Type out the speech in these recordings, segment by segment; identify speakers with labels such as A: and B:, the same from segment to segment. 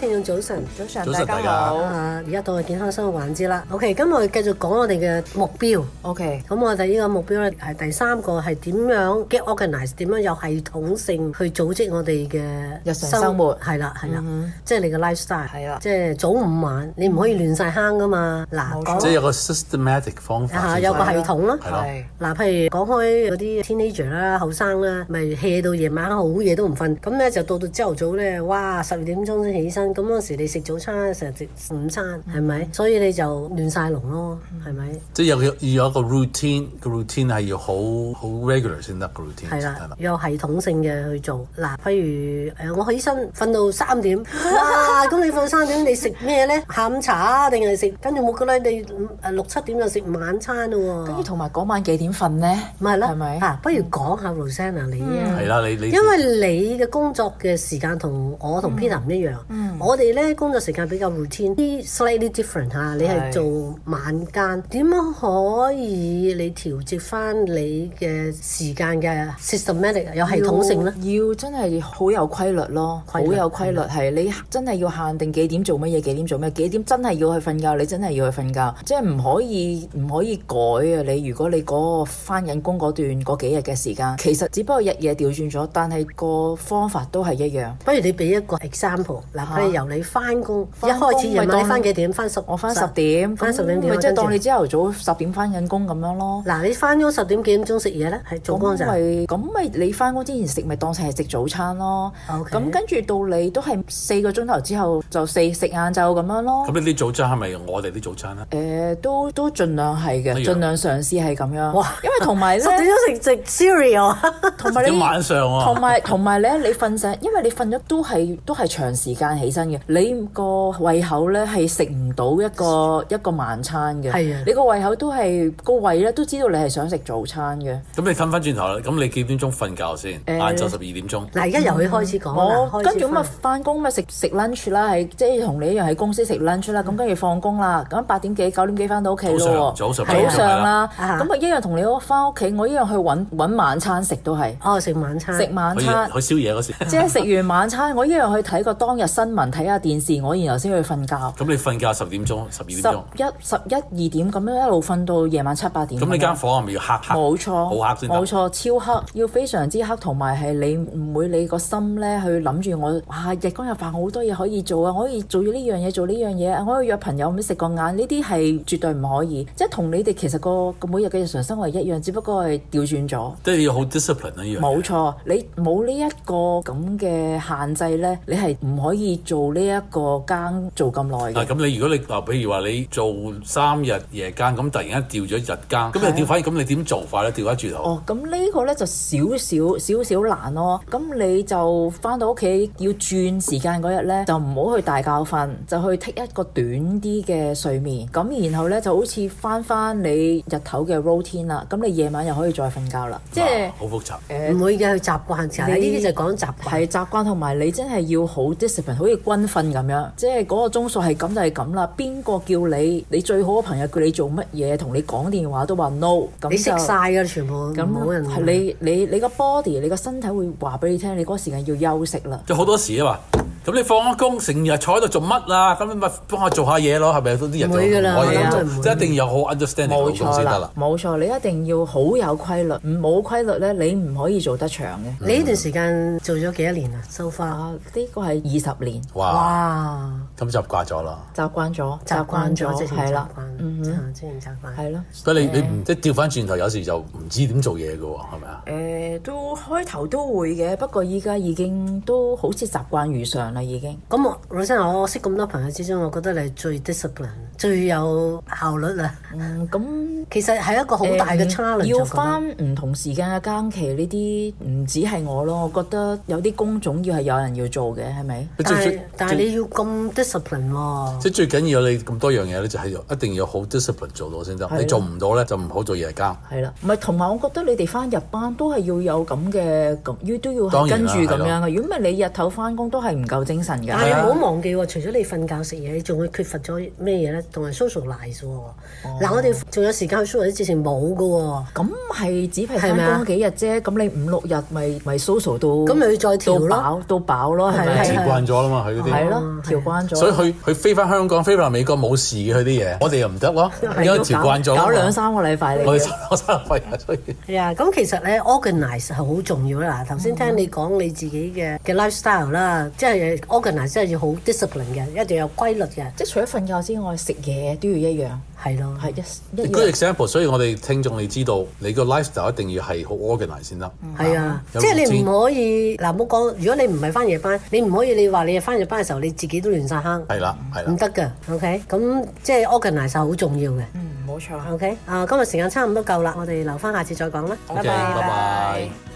A: 聽眾早晨，早上，早上大家好嚇！而、啊、家到去健康生活環節啦。OK，咁我哋繼續講我哋嘅目標。OK，咁、嗯、我哋呢個目標咧係第三個係點樣 get organized 點樣有系統性去組織我哋嘅日常生活？係啦，係啦、mm -hmm.，即係你嘅 lifestyle。係啦，即係早五晚，你唔可以亂晒坑噶嘛。嗱、啊，即係有
B: 個 systematic 方法、啊、有個系
A: 統咯。嗱、啊，譬如講開嗰啲 teenager 啦、後生啦，咪 hea、啊、到夜晚好夜都唔瞓，咁咧就到到朝頭早咧，哇，十二點鐘先起身。咁嗰時你食早餐，成日食午餐，係、mm、咪 -hmm.？所以你就亂晒龍咯，係、mm、咪 -hmm.？
B: 即係有要有，有一個 routine，個 routine 係要好好 regular 先得。個 routine 係
A: 啦，又系統性嘅去做。嗱，譬如、呃、我起身瞓到三點，咁 你瞓三點你食咩咧？下午茶定係食？跟住冇覺得你六七點就食晚餐喎、啊。跟住同埋嗰晚幾點瞓咧？唔係啦，係咪、嗯？不如講下 Rosana 你啊，係、mm、啦 -hmm.，你你因為你嘅工作嘅時間同我同、mm -hmm. Peter 唔一樣。Mm -hmm. 我哋咧工作時間比較 routine 啲，slightly different 吓，你係做晚間，點樣可以你調節翻你嘅時間嘅 systematic 有系統性咧？要
C: 真係好有規律咯，
A: 好有規律係。你真
C: 係要限定幾點做乜嘢，幾點做咩，幾點真係要去瞓覺，你真係要去瞓覺，即係唔可以唔可以改啊！你如果你嗰個翻緊工嗰段嗰幾日嘅時間，其實只不過日夜調轉咗，但係個方法都係一樣。不如你俾一個 example 嗱。由
A: 你翻工，一開始夜晚你翻幾點？翻十，我翻十點，翻十點即係、啊、當你朝頭早十點翻緊工咁樣咯。嗱，你翻工十點幾點鐘食嘢咧？喺早餐咁咪咁咪
C: 你翻工之前食咪當成係食早餐咯。OK 咁跟住到你都係四個鐘頭之後就四食晏晝咁樣咯。
B: 咁你啲早餐係咪我哋啲早餐
C: 咧？誒、呃，都都盡量係嘅、哎，盡量嘗試係咁樣。哇！因為同埋咧，十點鐘食 食 cereal，同 埋你晚上同埋同埋咧，你瞓醒，因為你瞓咗都係都係長時間起。真嘅，你個胃口咧係食唔到一個一個晚餐嘅。係啊，你個胃口都係個胃咧，都知道你係想食早餐嘅、嗯。
B: 咁你瞓翻轉頭啦，咁你幾點鐘瞓覺先？晏晝十二點鐘。
A: 嗱、嗯，而家又可以開始講開始我、
C: 就是、跟住咁啊，翻工咪食食 lunch 啦，係即係同你一樣喺公司食 lunch 啦。咁跟住放工啦，咁八點幾九點幾翻到屋企咯。早上，早上啦。咁啊、嗯、一樣同你我翻屋企，我一樣去揾揾晚餐食都係。哦，食晚餐，食晚餐，
B: 去宵夜嗰時。即係
C: 食完晚餐，我一樣去睇個當日新聞。 睇下電視，我然後先去瞓覺。咁
B: 你瞓覺十點鐘、十二
C: 點鐘？十一、十一二點咁樣一路瞓到夜晚七八點。咁你間房
B: 係咪要黑黑？冇錯，冇黑先得？冇
C: 錯，超黑，要非常之黑，同埋係你唔會你個心咧去諗住我，哇！日光日飯好多嘢可以做啊，我可以做呢樣嘢，做呢樣嘢，我可以約朋友咁食個晏。呢啲係絕對唔可以，即係同你哋其實個,個每日嘅日常生活一樣，只不過係
B: 調轉咗。即都要好 discipline 一樣。冇
C: 錯，你冇呢一個咁嘅限制咧，你係唔可以。做呢一個更做咁耐嘅，咁、
B: 啊、你如果你比譬如話你做三日夜更咁突然間掉咗日更，咁又掉反而咁你點做法咧？調翻轉頭？哦，
C: 咁呢個咧就少少少少難咯。咁你就翻到屋企要轉時間嗰日咧，就唔好去大覺瞓，就去 take 一個短啲嘅睡眠。咁然後咧就好似翻翻你日頭嘅 routine 啦。咁你夜晚又可以再瞓覺啦。係、啊、好複雜。唔、呃、會嘅，去習慣㗎。呢啲就講習慣，習慣同埋你真係要好 discipline，好軍訓咁樣，即係嗰個鐘數係咁就係咁啦。邊個叫你？你最好嘅朋友叫你做乜嘢？同你講電話都話 no。你食晒噶全部，冇人。係你你你個 body，你個身體會話俾你聽，你嗰個時間要休息啦。
B: 即係好多時啊嘛。咁你放咗工，成日坐喺度做乜啊？咁你咪幫我做下嘢咯，係咪？都啲人就唔可以咁做，即一定要好 understanding 做先得啦。
C: 冇錯，你一定要好有規律，冇規律咧，你唔可以做得長嘅、嗯。你呢段時間做咗幾多年啊？收花呢、啊這個係二十年。
B: 哇！咁習慣咗啦。
C: 習慣咗，習慣咗，係啦，嗯習慣嗯，自習慣。係咯。呃、不過你你唔
B: 即係調翻轉頭，有時就唔知點做嘢㗎喎，係咪啊？誒、
C: 呃，都開頭都會嘅，不過依家已經都好似習慣如常啦。已經咁我，羅生
A: 我識咁多朋友之中，我覺得你最 discipline，最有效率啦。咁、嗯嗯、其實係一個好大嘅 challenge 要翻唔同時間嘅更期呢啲，唔
C: 止係我咯。我覺得有啲工種要係有人要做嘅，係咪？但係但,但你要咁 discipline 喎。
B: 即係最緊要你咁多樣嘢咧，就係一定要好 discipline 做到先得。你做唔到咧，就唔好做夜更。
C: 係啦，唔係同埋我覺得你哋翻日班都係要有咁嘅
A: 要都要
B: 跟住咁樣
C: 嘅。
A: 如果唔係你日頭翻工都係唔夠。精神
B: 㗎，但係
C: 你唔
A: 好忘記喎。除咗你瞓覺食嘢，你仲會缺乏咗咩嘢咧？同埋 socialize 喎。嗱，我哋仲有時間去 socialize，之前冇嘅喎。咁係只係多咗幾日啫。咁你五六日
C: 咪咪 social 到，咁又要再調咯，到飽到飽咯，係咪？調慣
B: 咗啦嘛，佢啲係咯，
C: 調慣咗。所以佢
B: 佢飛翻香港、飛翻美國冇事嘅佢啲嘢，我哋又唔得咯。應該調慣咗，搞兩三個禮拜嚟。我我三日費日出去。
A: 係啊，咁其實咧，organize 係好重要啦。嗱，頭先聽你講你自己嘅嘅 lifestyle 啦，即係。organize 真係要好 discipline 嘅，一定要有規律嘅。即係除咗瞓覺之外，食嘢都要一樣，係咯，係一一
C: 樣。Good
B: example，所以我哋聽眾你知道，你個 lifestyle 就一定要係好 organize 先得。係啊，即係你唔可
A: 以嗱，唔好講。如果你唔係翻夜班，你唔可以你話你翻夜班嘅時候，你自己都亂曬坑。
C: 係
B: 啦，
A: 係。唔得㗎。OK，咁即係 organize 曬好重要嘅。嗯，冇錯。OK，啊，今日時間差唔多夠啦，我哋留翻下次再講啦。
B: 拜拜。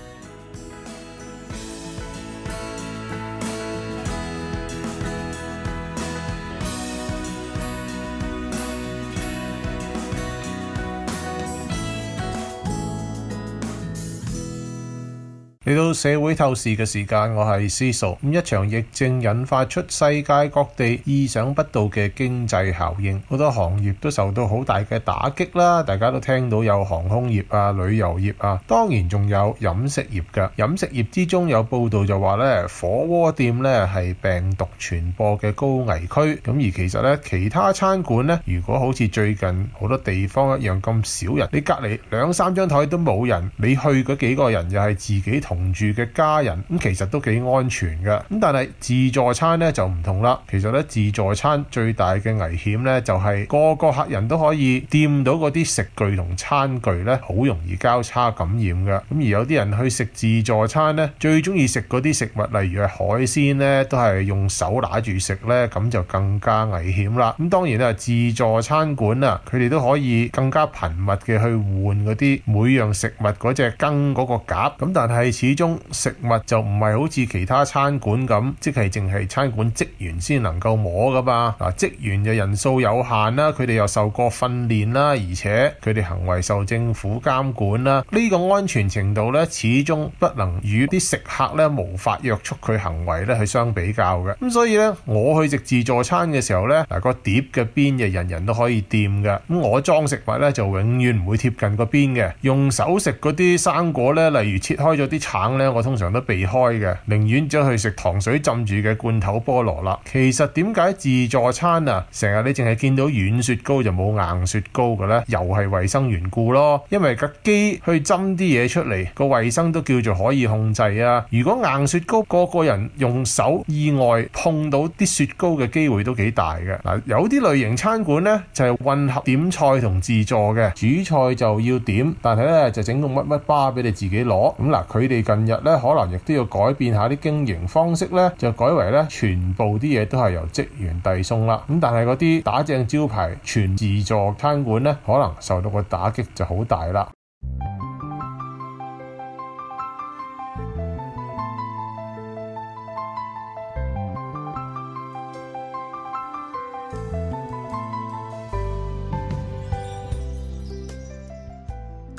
D: 嚟到社會透視嘅時間，我係思素。咁一場疫症引發出世界各地意想不到嘅經濟效應，好多行業都受到好大嘅打擊啦。大家都聽到有航空業啊、旅遊業啊，當然仲有飲食業㗎。飲食業之中有報道就話咧，火鍋店咧係病毒傳播嘅高危區。咁而其實咧，其他餐館咧，如果好似最近好多地方一樣咁少人，你隔離兩三張枱都冇人，你去嗰幾個人就係自己同同住嘅家人咁，其實都幾安全嘅。咁但係自助餐咧就唔同啦。其實咧，自助餐最大嘅危險咧，就係個個客人都可以掂到嗰啲食具同餐具咧，好容易交叉感染嘅。咁而有啲人去食自助餐咧，最中意食嗰啲食物，例如係海鮮咧，都係用手拿住食咧，咁就更加危險啦。咁當然啦，自助餐館啊，佢哋都可以更加頻密嘅去換嗰啲每樣食物嗰隻羹嗰個夾。咁但係。始終食物就唔係好似其他餐館咁，即係淨係餐館職員先能夠摸噶嘛。嗱，職員嘅人數有限啦，佢哋又受過訓練啦，而且佢哋行為受政府監管啦。呢個安全程度咧，始終不能與啲食客咧無法約束佢行為咧去相比較嘅。咁所以咧，我去食自助餐嘅時候咧，嗱，個碟嘅邊就人人都可以掂嘅。咁我裝食物咧就永遠唔會貼近個邊嘅，用手食嗰啲生果咧，例如切開咗啲。棒咧，我通常都避開嘅，寧願走去食糖水浸住嘅罐頭菠蘿啦。其實點解自助餐啊，成日你淨係見到軟雪糕就冇硬雪糕嘅呢？又係衞生緣故咯，因為架機去斟啲嘢出嚟，個衞生都叫做可以控制啊。如果硬雪糕，個個人用手意外碰到啲雪糕嘅機會都幾大嘅。嗱，有啲類型餐館呢，就係混合點菜同自助嘅，主菜就要點，但係呢，就整個乜乜巴俾你自己攞。咁嗱，佢哋。近日咧，可能亦都要改變下啲經營方式咧，就改為咧全部啲嘢都係由職員遞送啦。咁但係嗰啲打正招牌全自助餐館咧，可能受到個打擊就好大啦。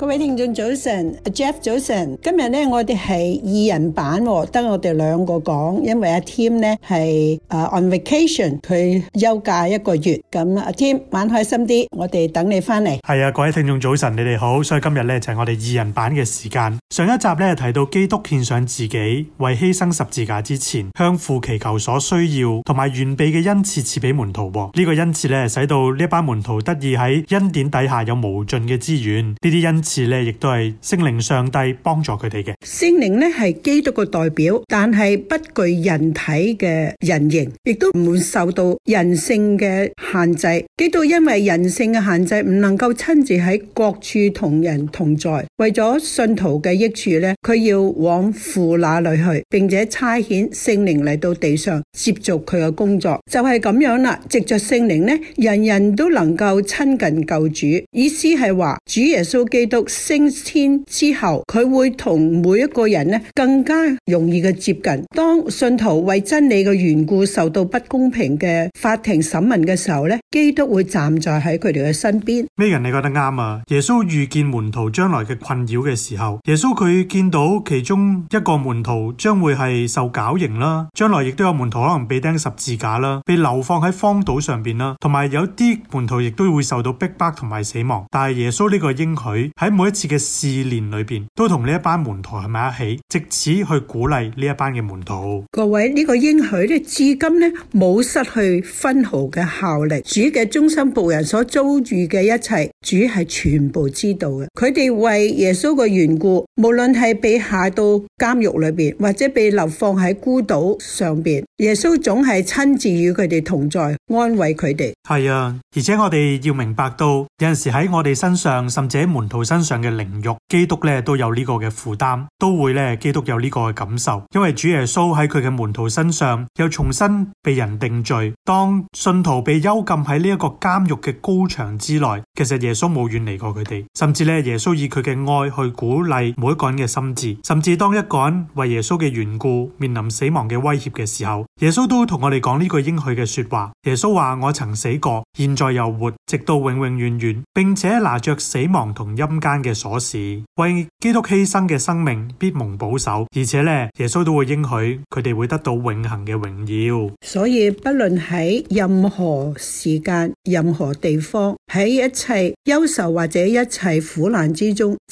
E: 各位聽眾早晨，Jeff 早晨，今日咧我哋係二人版，哦，得我哋兩個講，因為阿、啊、Tim 咧係誒 on vacation，佢休假一個月，咁、啊、阿 Tim 玩開心啲，我哋等你翻嚟。
F: 係啊，各位聽眾早晨，你哋好，所以今日咧就係、是、我哋二人版嘅時間。上一集咧提到基督獻上自己為犧牲十字架之前，向父祈求所需要同埋預備嘅恩賜賜俾門徒，呢、這個恩賜咧使到呢一班門徒得以喺恩典底下有無盡嘅資源，呢啲恩賜。亦都係聖靈上帝幫助佢哋嘅。聖靈咧
E: 係基督嘅代表，但係不具人體嘅人形，亦都唔會受到人性嘅限制。基督因為人性嘅限制，唔能夠親自喺各處同人同在。為咗信徒嘅益處呢佢要往父那裏去，並且差遣聖靈嚟到地上接續佢嘅工作，就係咁樣啦。藉着聖靈呢人人都能夠親近救主。意思係話，主耶穌基督升天之後，佢會同每一個人呢更加容易嘅接近。當信徒為真理嘅緣故受到不公平嘅法庭審問嘅時候呢基督會站在喺佢哋嘅身邊。
F: 咩人你覺得啱啊？耶穌遇見門徒將來嘅。困擾嘅時候，耶穌佢見到其中一個門徒將會係受絞刑啦，將來亦都有門徒可能被釘十字架啦，被流放喺荒島上邊啦，同埋有啲門徒亦都會受到逼迫同埋死亡。但係耶穌呢個應許喺每一次嘅試煉裏邊，都同呢一班門徒喺埋一起，藉此去鼓勵呢一班嘅門徒。
E: 各位呢、呢個應許咧，至今呢冇失去分毫嘅效力。主嘅忠心僕人所遭遇嘅一切，主係全部知道嘅。佢哋為耶穌嘅緣故，無論係被下到監獄裏邊，或者被流放喺孤島上邊，耶穌總係親自與佢哋同在，安慰佢哋。
F: 係啊，而且我哋要明白到，有陣時喺我哋身上，甚至喺門徒身上嘅凌辱，基督咧都有呢個嘅負擔，都會咧基督有呢個嘅感受，因為主耶穌喺佢嘅門徒身上，又重新被人定罪。當信徒被幽禁喺呢一個監獄嘅高牆之內，其實耶穌冇遠離過佢哋，甚至咧耶穌以佢嘅。愛去鼓勵每一個人嘅心智，甚至當一個人為耶穌嘅緣故面臨死亡嘅威脅嘅時候，耶穌都會同我哋講呢句應許嘅說話。耶穌話：我曾死過，現在又活，直到永永遠遠，並且拿着死亡同陰間嘅鎖匙，為基督犧牲嘅生命必蒙保守。而且呢，耶穌都會應許佢哋會得到永恆嘅榮耀。
E: 所以不論喺任何時間、任何地方、喺一切憂愁或者一切苦難之中。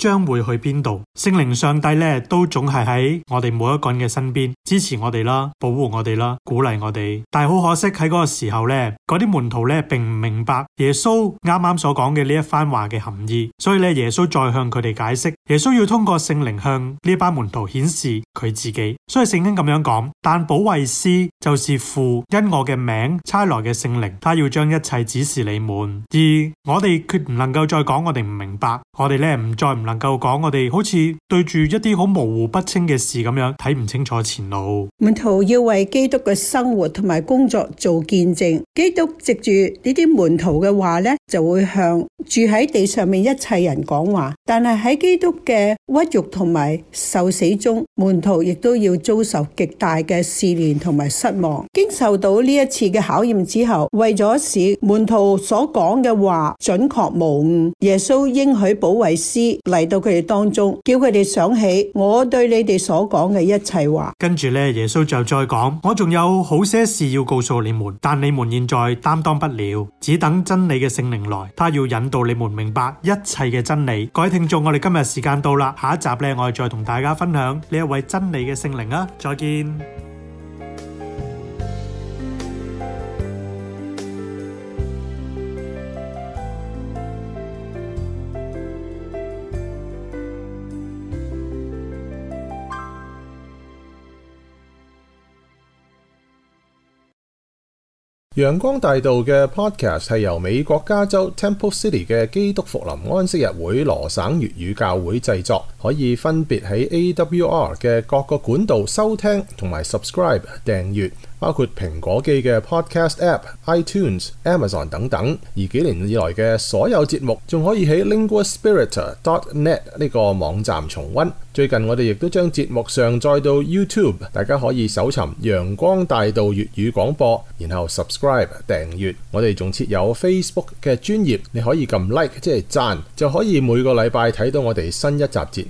F: 將會去邊度？聖靈上帝咧，都總係喺我哋每一個人嘅身邊，支持我哋啦，保護我哋啦，鼓勵我哋。但係好可惜喺嗰個時候咧，嗰啲門徒咧並唔明白耶穌啱啱所講嘅呢一番話嘅含義。所以咧，耶穌再向佢哋解釋，耶穌要通過聖靈向呢班門徒顯示佢自己。所以聖經咁樣講，但保惠師就是父因我嘅名差來嘅聖靈，他要將一切指示你們。而我哋決唔能夠再講我哋唔明白，我哋咧唔再唔。能夠講，我哋好似對住一啲好模糊不清嘅事咁樣，睇唔清楚前路。
E: 門徒要為基督嘅生活同埋工作做見證，基督藉住呢啲門徒嘅話呢，就會向住喺地上面一切人講話。但係喺基督嘅屈辱同埋受死中。門徒亦都要遭受極大嘅試煉同埋失望，經受到呢一次嘅考驗之後，為咗使門徒所講嘅話準確無誤，耶穌應許保惠師嚟到佢哋當中，叫佢哋想起我對你哋所講嘅一切話。
F: 跟住呢，耶穌就再講：我仲有好些事要告訴你們，但你們現在擔當不了，只等真理嘅聖靈來，他要引導你們明白一切嘅真理。各位聽眾，我哋今日時間到啦，下一集呢，我哋再同大家分享呢一。為真理嘅聖靈啊！再見。
D: 陽光大道嘅 Podcast 係由美國加州 Temple City 嘅基督復臨安息日會羅省粵語教會製作。可以分別喺 AWR 嘅各個管道收聽同埋 subscribe 訂閱，包括蘋果機嘅 Podcast App、iTunes、Amazon 等等。而幾年以來嘅所有節目，仲可以喺 LinguaSpirit.net 呢個網站重溫。最近我哋亦都將節目上載到 YouTube，大家可以搜尋陽光大道粵語廣播，然後 subscribe 訂閱。我哋仲設有 Facebook 嘅專頁，你可以撳 like 即係讚，就可以每個禮拜睇到我哋新一集節